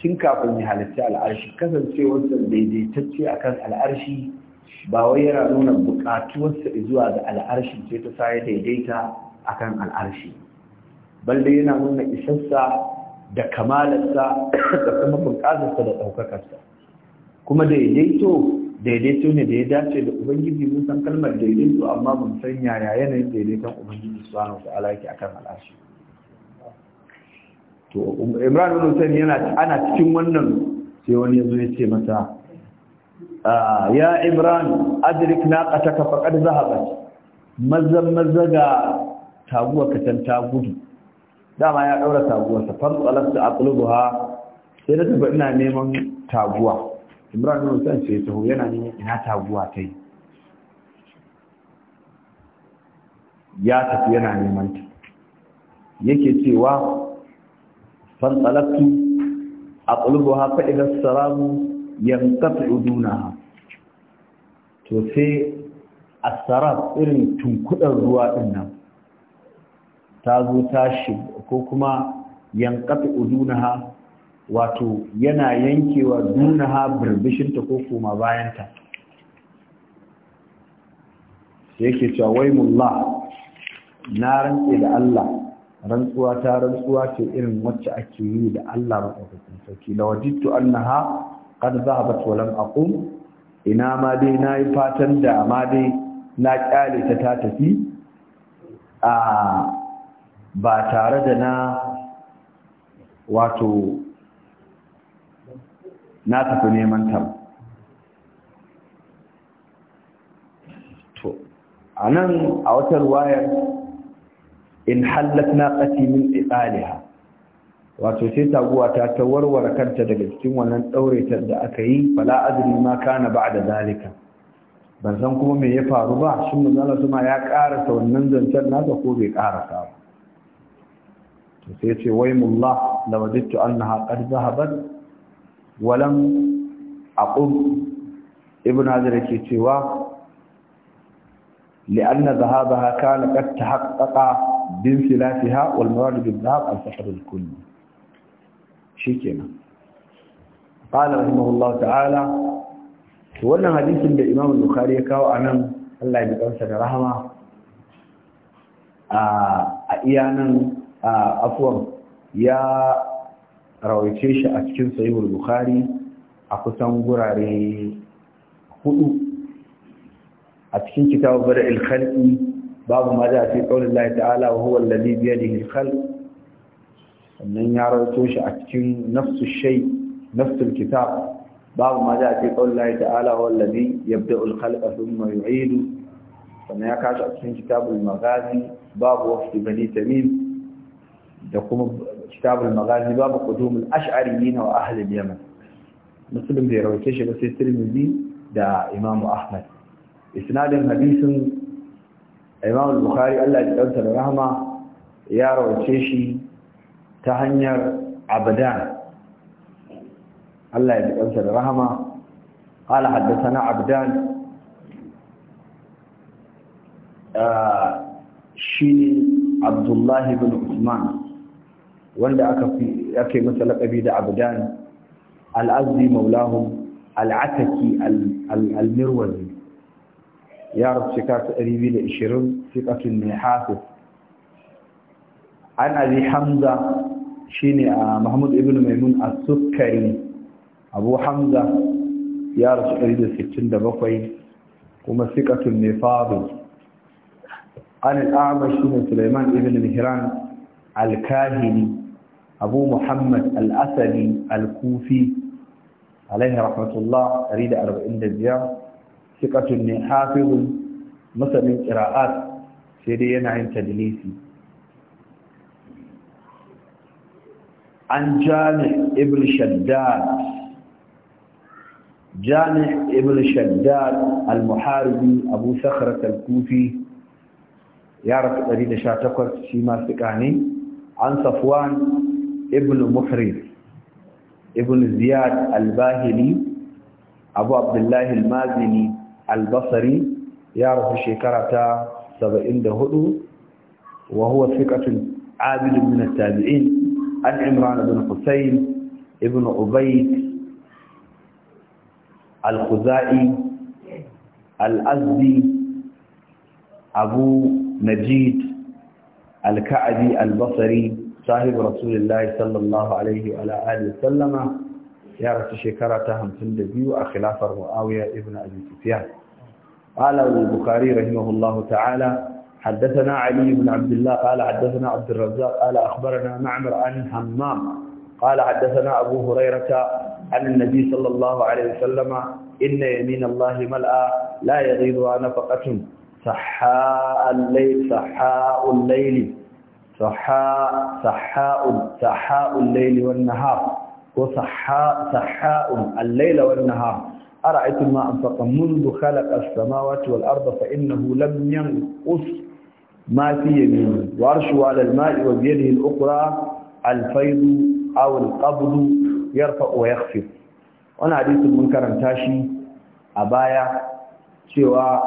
tun kafin ya halarci al'arshi kasancewarsa daidaitacce akan al'arshi ba wai yana nuna buƙatuwarsa zuwa ga al'arshi ce ta sa ya daidaita akan al'arshi balle yana nuna isarsa da kamalarsa da kuma bunƙasarsa da ɗaukakarsa kuma daidaito daidaito ne da ya dace da ubangiji mun san kalmar daidaito amma mun san yaya yanayin daidaiton ubangiji su wasu alaƙi a akan al'ashi to imran ibn yana ana cikin wannan sai wani yazo ya ce masa ah, ya imran adrik naqataka faqad maza mazan ga taguwa ka ta gudu dama ya daura taguwarsa fa a aqlubuha sai na tafi ina neman taguwa imran ɗin hussein sai taho yana neman ina taguwa ta yi ya tafi yana neman ta yake cewa fantalaktu a fa fa'idar saramu yankafi ha. to sai a sarab irin tunkudar ruwa ɗin nan ta zo ta shi ko kuma yankafi udunaha wato yana yankewa nuna ha birbishinta ko koma bayanta yake cewa wai mullah na rantse da Allah rantsuwa ta rantsuwa ce irin wacce ake yi da Allah maɗaukakin sarki la wajidtu annaha qad zahabat wa lam aqum ina ma dai nayi fatan da ma dai na kyale ta ta tafi a ba tare da na wato na tafi neman ta to a nan a wata ruwayar in hallat na ƙasi min tsaliha wato sai taguwa ta ta warware kanta daga cikin wannan ɗaure da aka yi fala azumi ma kana ba da zalika ban san kuma me ya faru ba shin manzala suma ya karasa wannan zancen nasa ko bai karasa ba sai ce wai mullah la wajidtu na haƙar zahabar.' walan aqum ibn hazar ke cewa لأن ذهابها كان قد تحقق بانفلافها والمراد بالذهاب السحر الكلي شيكنا قال رحمه الله تعالى wannan hadisin da Imam Bukhari ya kawo anan Allah ya bidansa da rahama a iya nan ya rawaice shi a cikin sahihul bukhari a kusan gurare hudu a cikin kitabu bada ilkhalqi babu ma da fi qaulin Allah ta'ala wa huwa alladhi bi yadihi alkhalq sannan ya rawaito shi a cikin nafsu shay nafsul kitab babu ma da fi qaulin Allah ta'ala wa alladhi yabda'u alkhalqa thumma yu'idu sannan ya kashi a cikin kitabul magazi babu wafdi bani tamim da kuma كتاب المغازي باب قدوم الأشعريين وأهل اليمن مسلم روايه رويتش بس الترمذي دا إمام أحمد إسناد الحديث إمام البخاري الله يجزاه رحمه يا روايه رويتش تهنير عبدان الله يجزاه رحمه قال حدثنا عبدان آه، شيني عبد الله بن عثمان wanda aka fi ake masa laƙabi da abdan al-azdi maulahum al-ataki al-mirwazi ya rasu shekara ta 220 fiqatun mai hafiz an abi hamza shine a mahmud ibn maimun as-sukkari abu hamza ya rasu 167 kuma fiqatun mai fadil an al-a'mash shine sulaiman ibn mihran al-kahili أبو محمد الأسدي الكوفي عليه رحمة الله أريد أربعين دجيا ثقة حافظ مثل القراءات سيدينا عن تدليسي عن جامع ابن شداد جامع ابن شداد المحاربي أبو سخرة الكوفي يعرف أريد شاتقر شيما سكاني عن صفوان Ibnu muhriz ibn ziyad al-bahili abu Abdullahi al-mazini al-basri ya rasu shekara ta 74 wa huwa thiqatun abid min at-tabi'in an imran ibn husayn ibn ubayd al-khuzai al-azdi abu najid al-ka'bi al-basri sahibu rasulullahi sallallahu alaihi wa ala'adu sallama ya rasu shekara ta hamsin da biyu a khilafar mu'awiyar ibn abisufiya ƙala bukari rahimahullahu ta'ala haddasa ali ibn abdullahi ƙala haddasa na abdurraza ƙala akbar na ma'amur an hammam ƙala haddasa abu hurairata annin nabi sallallahu alaihi wa sallama inna yamin allahi mal'a la ya zai zuwa sahaun saha laili ko sahaun laila wani ha a ra'aitun ma an faɗa mun bu halaka sama wata wal'arba fa ina hulam yan ma fi yami wa arshuwa da lalmaɗi wa biyar yin okura alfaidu awon ƙabudu ya faɗo ya wani hadisun mun karanta shi a baya cewa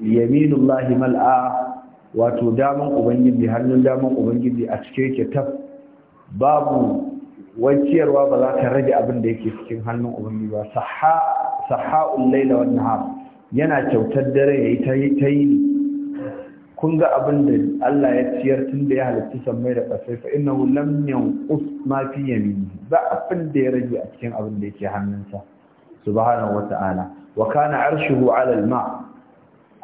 yaminullahi mal'a wato daman ubangiji hannun daman ubangiji a cikin yake tab babu wanciyarwa ba za ta rage abin da yake cikin hannun ubangiji ba saha'ul laila wan nahar yana kyautar dare yayi ta yi ta yi kun ga abin da Allah ya ciyar tun da ya halitta sammai da ƙasai fa innahu lam yanqus ma fi yamini ba abin da ya rage a cikin abin da yake hannunsa subhanahu wata'ala wa kana arshuhu 'ala al-ma'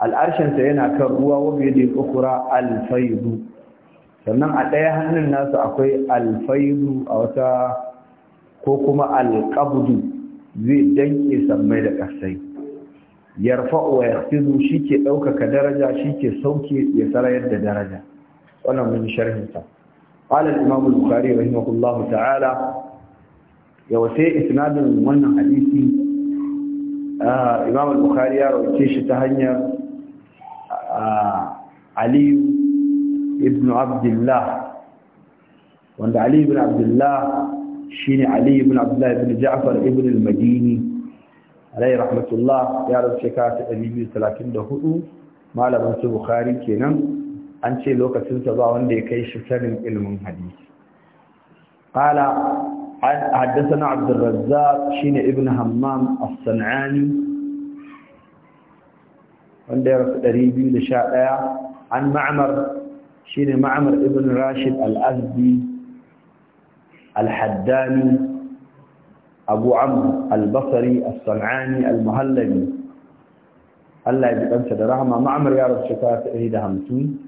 al'arshinsa yana kan ruwa wabi da ukura alfaidu sannan a ɗaya hannun nasu akwai alfaidu a wata ko kuma alƙabdu zai danke sammai da ƙasai yarfa'u wa shi shike ɗaukaka daraja shike sauke ya sarayar da daraja wannan mun sharhin sa قال الإمام البخاري رحمه الله تعالى يوسي إسناد wannan hadisi. Ah, imam al-bukhari ya rauke shi ta hanyar aliyu ibn abdullah wanda aliyu ibn abdullah shine aliyu ibn abdullah ibn ja'far ibn al-madini alayhi rahmatullah ya rasu shekara ta 234 malamin su bukhari kenan an ce lokacin sa ba wanda ya kai shi sanin ilimin hadisi qala haddathana abd al-razzaq shine ibn hammam as-sanani wanda ya rasu 211 an ma'amar shi ne ma'amar ibn rashid al-azdi al-haddani abu amr al-basari al-san'ani al-muhallabi Allah ya ji ɗansa da rahama ma'amar ya rasu shekara ta 150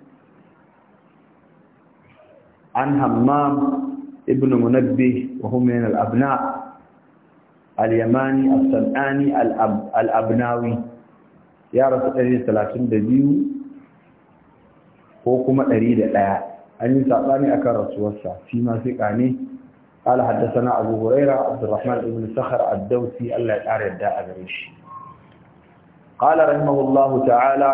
an hammam ابن منبه وهو من الأبناء اليماني الصنعاني الأب الأبناوي ya rasu ɗari da talatin da biyu ko kuma ɗari da ɗaya an yi saɓani a kan rasuwarsa fi ma fi ƙane ala haddasa na abu huraira abdurrahman ibn sahar addausi allah ya ƙara yadda a gare shi ƙala rahimahullahu ta'ala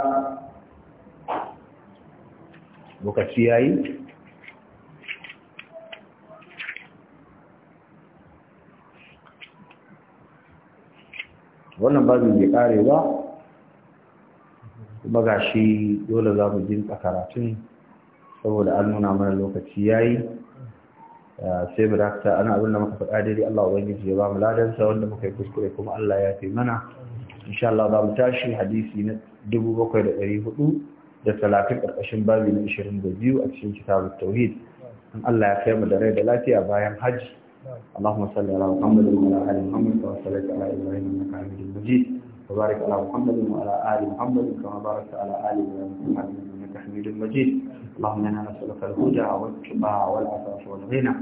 lokaci ya yi wannan babin ke ƙare ba kuma ga shi dole za mu jin karatun saboda an nuna mana lokaci ya yi sai mu dakata ana abin da muka faɗa daidai Allah ubangiji ya ba mu ladansa wanda muka yi kuskure kuma Allah ya fi mana insha Allah za mu tashi hadisi na dubu bakwai da da hudu talatin karkashin babi na biyu a cikin kitabun tauhid in Allah ya kai mu da rai da lafiya bayan hajji اللهم صل على محمد وعلى ال محمد وصلى على ابراهيم انك حميد مجيد وبارك على محمد وعلى آل محمد كما باركت على آل محمد إنك حميد مجيد اللهم إنا نسألك الهدى والتقى والعفاف والغنى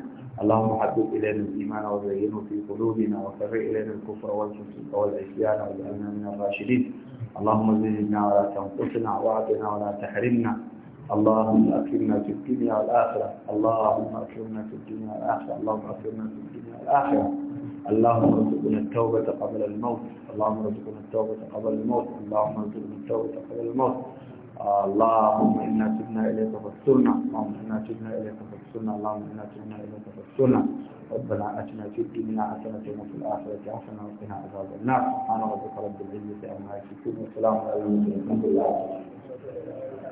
اللهم حبب إلينا الإيمان وزينه في قلوبنا وكره إلينا الكفر والفسوق والعصيان واجعلنا من الراشدين اللهم زدنا ولا تنقصنا واعطنا ولا تحرمنا اللهم أكرمنا في الدنيا والآخرة اللهم أكرمنا في الدنيا والآخرة اللهم أكرمنا في الدنيا والآخرة اللهم ارزقنا التوبة قبل الموت اللهم ارزقنا التوبة قبل الموت اللهم ارزقنا التوبة قبل الموت اللهم إنا تبنا إليك فاسترنا اللهم إنا تبنا إليك فاسترنا اللهم إنا تبنا إليك فاسترنا ربنا آتنا في الدنيا حسنة وفي الآخرة حسنة وقنا عذاب النار سبحان ربك رب العزة عما يصفون وسلام على المرسلين الحمد لله